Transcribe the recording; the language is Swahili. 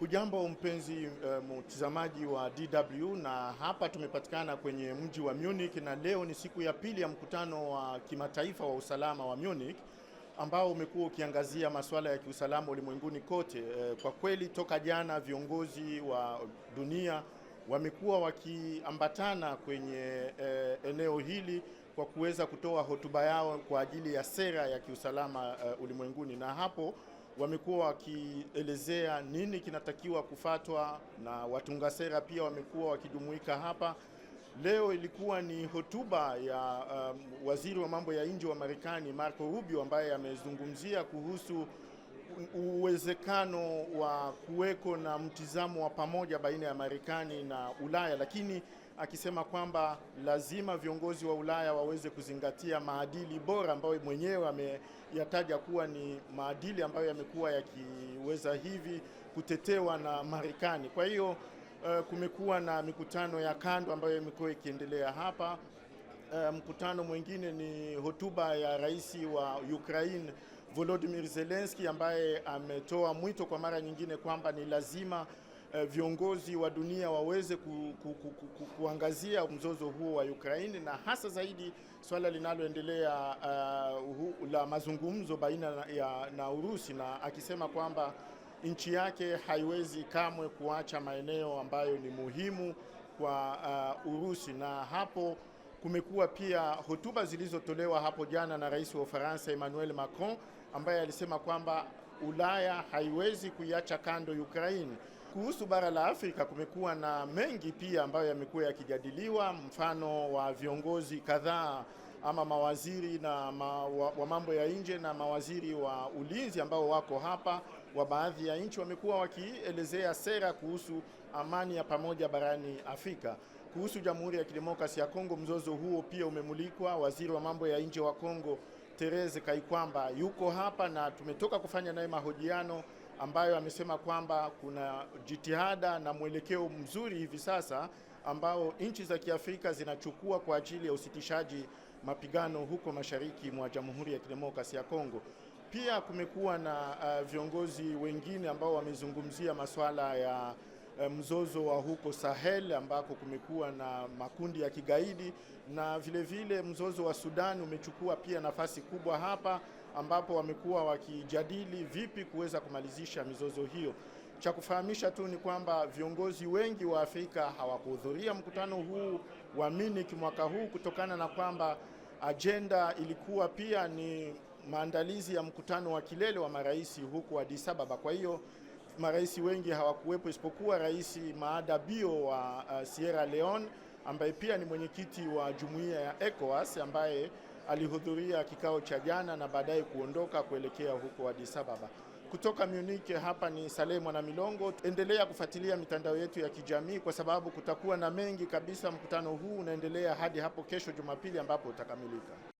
Hujambo mpenzi eh, mtazamaji um, wa DW na hapa tumepatikana kwenye mji wa Munich, na leo ni siku ya pili ya mkutano wa kimataifa wa usalama wa Munich ambao umekuwa ukiangazia masuala ya kiusalama ulimwenguni kote. Eh, kwa kweli toka jana viongozi wa dunia wamekuwa wakiambatana kwenye e, eneo hili kwa kuweza kutoa hotuba yao kwa ajili ya sera ya kiusalama e, ulimwenguni na hapo wamekuwa wakielezea nini kinatakiwa kufatwa na watunga sera pia wamekuwa wakijumuika hapa. Leo ilikuwa ni hotuba ya um, waziri wa mambo ya nje wa Marekani Marco Rubio ambaye amezungumzia kuhusu uwezekano wa kuweko na mtizamo wa pamoja baina ya Marekani na Ulaya, lakini akisema kwamba lazima viongozi wa Ulaya waweze kuzingatia maadili bora ambayo mwenyewe ameyataja kuwa ni maadili ambayo yamekuwa yakiweza hivi kutetewa na Marekani. Kwa hiyo uh, kumekuwa na mikutano ya kando ambayo imekuwa ikiendelea hapa. Uh, mkutano mwingine ni hotuba ya rais wa Ukraine Volodymyr Zelensky ambaye ametoa mwito kwa mara nyingine kwamba ni lazima Eh, viongozi wa dunia waweze ku, ku, ku, ku, ku, kuangazia mzozo huo wa Ukraine na hasa zaidi swala linaloendelea uh, la mazungumzo baina na, ya, na Urusi na akisema kwamba nchi yake haiwezi kamwe kuacha maeneo ambayo ni muhimu kwa uh, Urusi na hapo kumekuwa pia hotuba zilizotolewa hapo jana na Rais wa Ufaransa Emmanuel Macron ambaye alisema kwamba Ulaya haiwezi kuiacha kando Ukraine kuhusu bara la Afrika kumekuwa na mengi pia ambayo yamekuwa yakijadiliwa, mfano wa viongozi kadhaa ama mawaziri na ma, wa, wa mambo ya nje na mawaziri wa ulinzi ambao wako hapa wa baadhi ya nchi wamekuwa wakielezea sera kuhusu amani ya pamoja barani Afrika. Kuhusu Jamhuri ya Kidemokrasia ya Kongo, mzozo huo pia umemulikwa. Waziri wa mambo ya nje wa Kongo Therese Kaikwamba yuko hapa na tumetoka kufanya naye mahojiano ambayo amesema kwamba kuna jitihada na mwelekeo mzuri hivi sasa ambao nchi za Kiafrika zinachukua kwa ajili ya usitishaji mapigano huko mashariki mwa Jamhuri ya Kidemokrasia ya Kongo. Pia kumekuwa na uh, viongozi wengine ambao wamezungumzia masuala ya uh, mzozo wa huko Sahel ambako kumekuwa na makundi ya kigaidi na vilevile vile mzozo wa Sudan umechukua pia nafasi kubwa hapa ambapo wamekuwa wakijadili vipi kuweza kumalizisha mizozo hiyo. Cha kufahamisha tu ni kwamba viongozi wengi wa Afrika hawakuhudhuria mkutano huu wa Munich mwaka huu kutokana na kwamba ajenda ilikuwa pia ni maandalizi ya mkutano wa kilele wa marais huku Addis Ababa. Kwa hiyo marais wengi hawakuwepo isipokuwa Rais Maada Bio wa uh, Sierra Leone ambaye pia ni mwenyekiti wa jumuiya ya ECOWAS ambaye alihudhuria kikao cha jana na baadaye kuondoka kuelekea huko Addis Ababa. Kutoka Munich hapa ni Saleh Mwanamilongo. Endelea kufuatilia mitandao yetu ya kijamii kwa sababu kutakuwa na mengi kabisa. Mkutano huu unaendelea hadi hapo kesho Jumapili ambapo utakamilika.